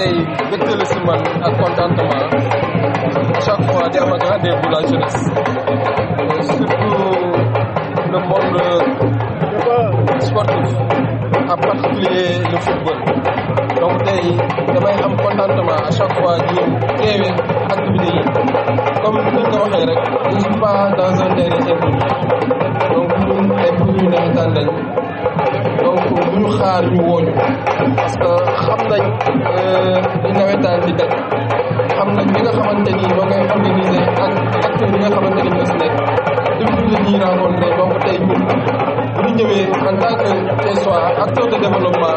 tey mbégte la si man ak contentement chaque fois di am ak rendez-vous jeunesse surtout le monde euh, sportif en particulier le donc tey damay am contentement à chaque fois di teewee activité yi comme ni ñu ko waxee rek ñu ngi pas dans un terrain donc ñun ay xaar ñu wooñu daj euh, di nawetaan di daj xam nañ ñi nga xamante ni ñoo koy organiser ak acteurs yi nga xamante ni ñoo si nekk difficulté ñuy rencontré donc tey ñun bu ñu ñëwee en tant acteur de développement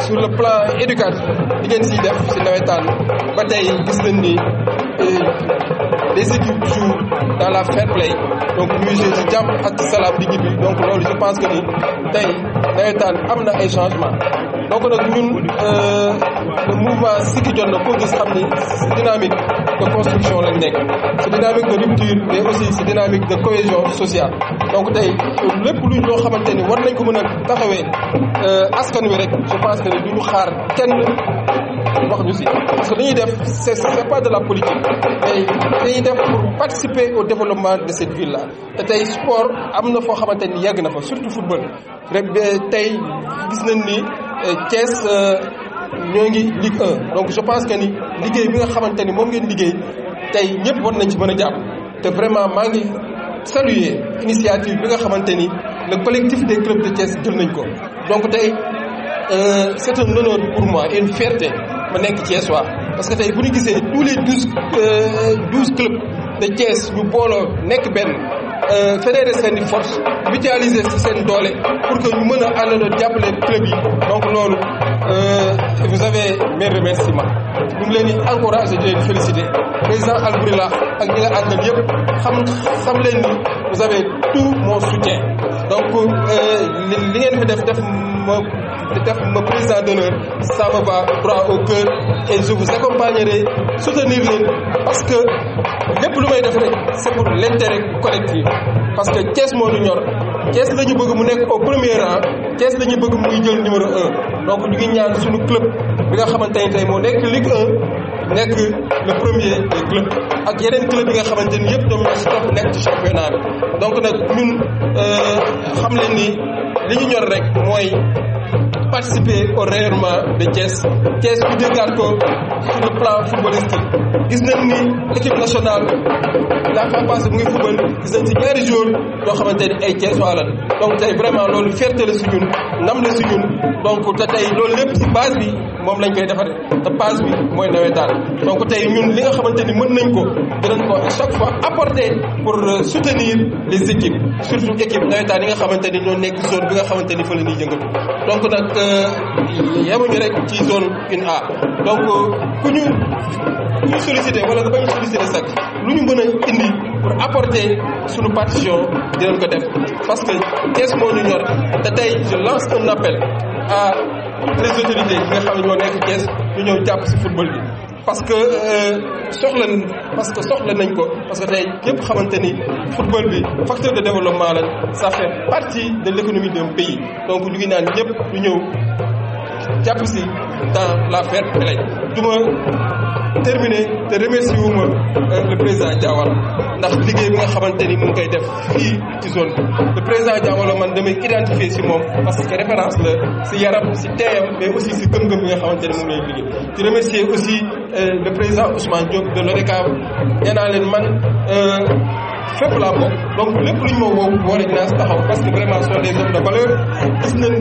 sur le plan éducatif di ngeen siy def si nawetaan ba tey gis nañ ni eh, les équipes jouent dans la fair play donc donc je pense que nous, avons changement donc nous, euh, le mouvement le dynamique de construction C'est dynamique de rupture mais aussi dynamique de cohésion sociale donc le plus important, c'est je pense que wax ñu si parce que dañuy def c' est c' est pas de la politique tey dañuy def pour participer au développement de cette ville là te tey sport am na foo xamante ni yàgg na fa surtout football rek tey gis nañ ni eh, Thiès euh, ñoo ngi Ligue 1 donc je pense que ni liggéey bi nga xamante ni moom ngeen liggéey tey ñëpp war nañ ci mën a jàpp te vraiment maa ngi saluer initiative bi nga xamante ni le collectif des clubs de Thiès jël nañ ko donc tey euh, c'est un honneur pour moi une fierté mu nekk Thiès parce que tey bu ñu tous les douze euh, douze clubs de Thiès nous booloo ben euh, fédérer seen i force mutualiser si seen pour que ñu mën aller àndandoo jàppale club yi donc loolu euh, vous avez mes remerciements vous ngi encourager di leen féliciter président Albourila ak ñi xam vous avez tout mon soutien donc euh, li ngeen fi def def me, def me président d'honneur, ça me va droit au cœur et je vous accompagnerai, soutenir les parce que lépp lu may def rek c'est pour l'intérêt collectif parce que Thiès moo ñu ñor Thiès la ñu bëgg mu nekk au premier rang Thiès la ñu bëgg muy jël numéro 1 donc ñu ngi ñaan suñu club bi nga xamante ni tey moo Ligue 1 nek le premier des clubs ak yeneen club yi nga xamante ni yëpp ñoom ñoo si topp ci championnat donc nak ñun euh xam leen ni. li ñu ñor rek mooy participer au rayonnement de Thiès Thiès ñu déggaat ko sur le plan footballistique gis nañ ni l'équipe nationale la fois passée mu ngi football gis nañ si ñaari jours yoo xamante ni ay Thiès waa donc tey vraiment loolu fierté la si ñun ndam la si donc te tey loolu lépp base bi moom lañ koy defaree te base bi mooy nawetaan donc tey ñun li nga xamante ni mën nañ ko dinañ ko chaque fois apporter pour euh, soutenir les équipes surtout équipe nawetaan yi nga xamante ni ñoo nekk zone bi nga xamante ni fa la ñuy yëngatu donc nag euh, yemuñu rek ci zone une A donc euh, ku ñu ku ñu sollicité wala nga bañ sollicité sax lu ñu mën a indi pour apporter suñu partition dinañ ko def parce que Thiès moo ñu ñor te tey je lance un appel à les autorités yi nga xam ne ñoo nekk Thiès football bi parce que euh, soxla parce que soxla nañ parce que tey ñëpp xamante football bi facteur de développement la ça fait partie de l'économie d'un pays donc nous ngi naan ñëpp ñu ñëw dans la fair du ma terminer te remercier wu ma euh, le président Diawara ndax liggéey bi nga xamante ni mu ngi koy def fii ci zone bi le président man damay identifier si moom parce que référence la si yaram si teeyam mais aussi si gëm-gëm bi nga xamante ni moom lay liggéey di remercier aussi euh, le président Ousmane Diop de l'ODCAV nee naa leen man euh, fépp laa bokk donc lépp lu ñu ma woo war dinaa si taxaw parce que vraiment sont des hommes de valeur gis nañ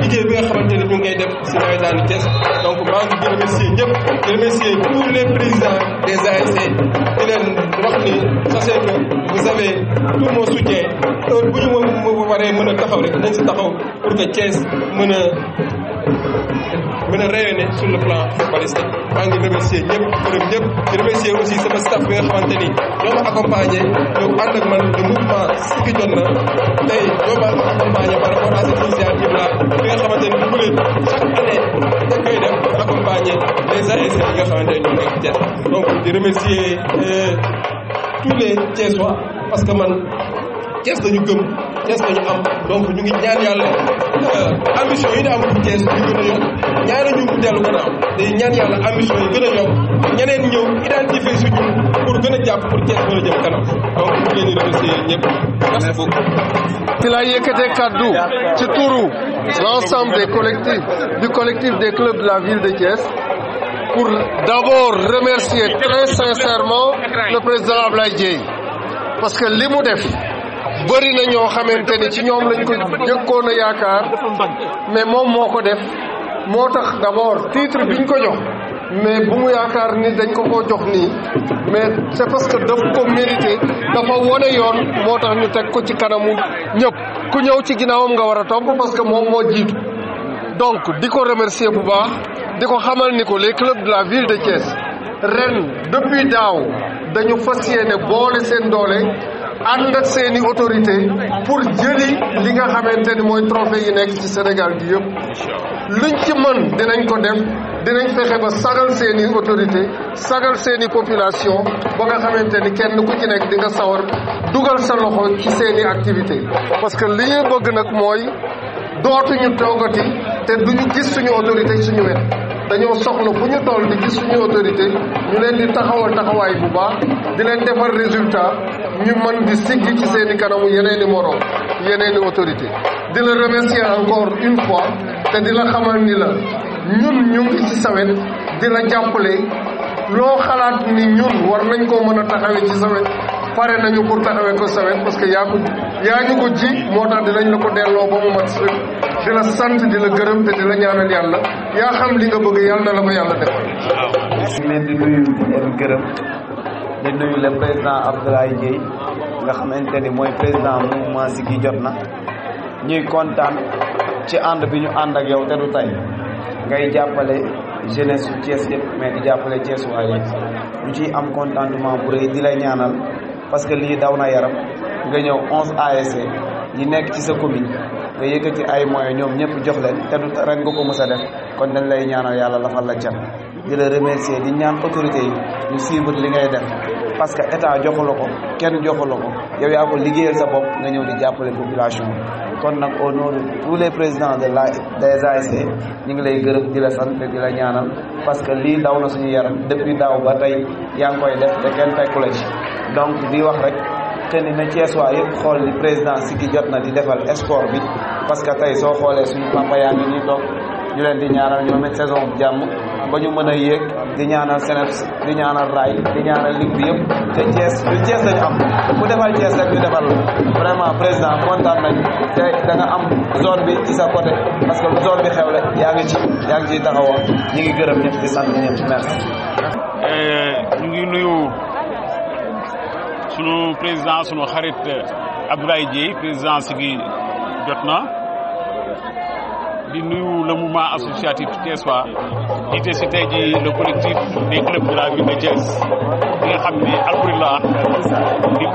liggéey bi nga xamante ne ñu ngay def si nawetaani Thiès donc maa ngi di remercier ñëpp di remercier tous les présidents des ASC di leen wax ni sachez que vous avez tout mon soutien heure bu ñu ma waree mën a taxaw rek nañ si taxaw pour que Thiès mën a mën a rayonner sur le plan footballistique maa ngi remercier ñëpp gërëm ñëpp di aussi sama staff bi nga xamante ni ñoo ma accompagné ñoo ànd man le mouvement Siggi Jotna tey ñoo ma accompagné par rapport à cette initiative là bi nga xamante ni bu leen chaque année dañ koy def pour accompagner les ASC yi nga xamante euh, tous les Thiessois parce que man Thiès ñu gëm Thiès ñu am donc ñu ngi ñaan yàlla Euh, ambition yi da am ci Thiès ñu gën a yokk ñaari ñu dellu gannaaw day ñaan yàlla ambition yi gën a yokk ñeneen ñëw identifier suñu pour gën a jàpp pour Thiès mën a jëm kanam donc ñu leen di remercier ñëpp merci beaucoup. ci laa yëkkatee kaddu ci turu l'ensemble des collectifs du collectif des clubs de la ville de Thiès. pour d'abord remercier très sincèrement le président Ablaye Dieye parce que li mu def bëri na ñoo xamante ni ci ñoom lañ ko jëkkoon a yaakaar mais moom moo ko def moo tax d'abord bi biñ ko jox mais bu mu yaakaar ni dañ ko koo jox nii mais c'est parce que daf ko mérité dafa wone yoon moo tax ñu teg ko ci kanamu ñëpp ku ñëw ci ginnaawam nga war a topp parce que moom moo jiitu donc di ko remercier bu baax di ko xamal ni ko les clubs de la ville de Thiès ren depuis daaw dañu fas yéene boole seen doole ànd seeni seen i autorité pour jëli li nga xamante ni mooy trophée yi nekk ci Sénégal bi yëpp luñ ci mën dinañ ko def dinañ fexe ba sagal seeni autorité sagal seeni i population ba nga xamante ni kenn ku ci nekk di nga sawar dugal sa loxo ci seen activité parce que li ñuy bëgg nag mooy dootuñu toogati te duñu gis suñu autorité suñu wet dañoo soxla bu ñu toll di gis suñu autorité ñu leen di taxawal taxawaay bu baax di leen defar résultat ñu mën di siggi ci seen i kanamu yeneen i morom yeneen i autorité di la remercier encore une fois te di la xamal ni la ñun ñu ngi ci sawet di la jàppale loo xalaat ni ñun war nañ koo mën a taxawee ci sawet pare nañu pour taxawee ko sawet parce que yaa ko yaa ñu ko ji moo tax dinañ la ko delloo ba mu mat sëkk di la sant di la gërëm te di la ñaanal yàlla yaa xam li nga bëgg yàlla na la ko yàlla defal. ñu leen di nuyu di leen gërëm di nuyu le président Abdoulaye Dièye nga xamante ni mooy président si gi jot na ñuy kontaan ci ànd bi ñu ànd ak yow te du tey ngay jàppale jeunesse su Thiès yëpp mais di jàppale Thiès waaye ñu ci am contentement bu rëy di la ñaanal. parce que lii daw na yaram nga ñëw onze ASC yi nekk ci sa commune nga yëkkati ay moyens ñoom ñëpp jox leen te du rek nga ko mës a def kon dañ lay ñaanoo yàlla lafal la cat di la remercier di ñaan autorité yi ñu suivre li ngay def parce que état joxu la ko kenn joxu la ko yow yaa ko liggéeyal sa bopp nga ñëw di jàppale population kon nag au nom de tous les présidents de la des ASC ñu ngi lay gërëm di la di la ñaanal parce que lii daw na suñu yaram depuis daaw ba tey yaa ngi koy te kenn fekku la donc di wax rek te ni na Thiès waa yëpp xool ni président si ki jot na di defal sport bi parce que tey soo xoolee suñu papa yaa ngi nii toog ñu leen di ñaanal ñoom it saison bu jàmm ba ñu mën a yéeg di ñaanal Seneps di ñaanal Ray di ñaanal ligue bi yëpp te Thiès lu Thiès lañu am ku defal Thiès rek ñu defal vraiment président kontaan nañ te da nga am zone bi ci sa côté parce que lu zone bi xewle yaa ngi ci yaa ngi ciy taxawoo ñu ngi gërëm ñëpp di sant ñëpp sunu président sunu xarit Abdoulaye président de Jotna le mouvement associatif le collectif des clubs de la ville de nga xam président nous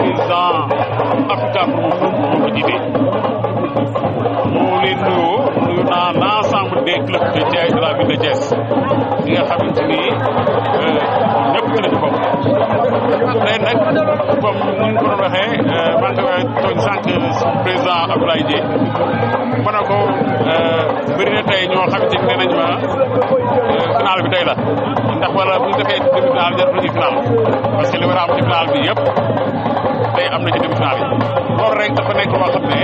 des clubs de la ville de Thiès nag comme ni ñu ko doon waxee euh, man dafay tooñ sànq président Abdoulaye Dièye ma ne ko euh, bëri na tey ñoo xam ci nee nañ ma euh, final bi tey la ndax wala bu ñu defee demi-finale jarul ñu final parce que li war a am ci final bi yëpp tey am na ci demi-finale yi loolu rek dafa nekk loo xam ne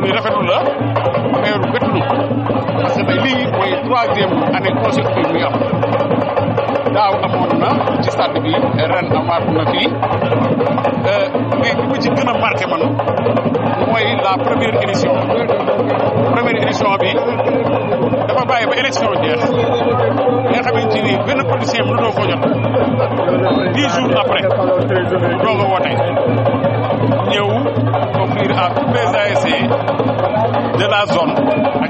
lu ñu rafetlu la mais lu gëttulu parce que tey lii mooy troisième année consécutive bi nga am daaw amoon na ci stade bi ren amaat na fii euh, mais li ma ci gën a man mooy la première édition première édition bi dafa bàyyi ba élection jeex nga xamante ni benn politicien mënuloo ko jot dix jours après doo nga woote ñëw offrir à tous les ASC de la zone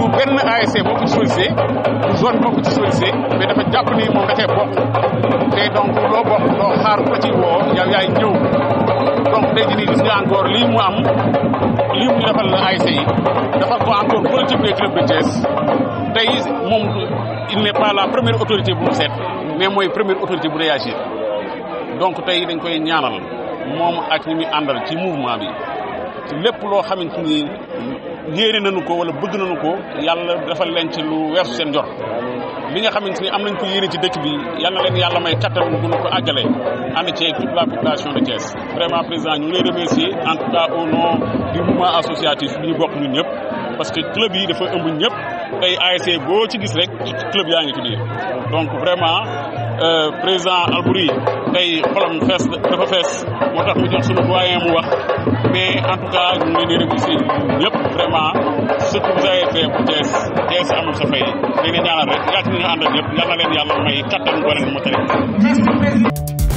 du benn ASC bokk ci Soli C zone bokk ci Soli mais dafa jàpp ni moom da cee bokk te donc loo bokk loo xaar ko ci woo yow yaay ñëw donc tey jii nii gis nga encore lii mu am lii mu defal la ASC yi dafa ko encore continuer club de Thiès tey moom il n'est pas la première autorité bu mu seet mais mooy première autorité bu réagir donc tey dañ koy ñaanal moom ak ñi muy àndal ci mouvement bi ci lépp loo xamante ni yéeri nañu ko wala bëgg nañu ko yàlla dafa leen lu weer weesu seen jor li nga xamante ni am nañ ko yéene ci dëkk bi yal na leen yàlla may kattan bu ñu ko àggalee ànd ci toute la population de Thiès vraiment président ñu ngi lay remercier en tout cas au nom du associatif bi ñu bokk ñun ñëpp parce que club yi dafa ëmb ñëpp tey ASC boo ci gis rek club yaa ngi ci Euh, président Albouri tey xolam fees dafa fees moo tax mu jox suñu wax mais en tout cas ñu ngi leen di remercier ñëpp vraiment surtout vous avez fait pour Thiès Thiès amul sa fay dañ leen ñaanal rek yàgg nañu àndal ñëpp yal na leen yàlla may kattan gore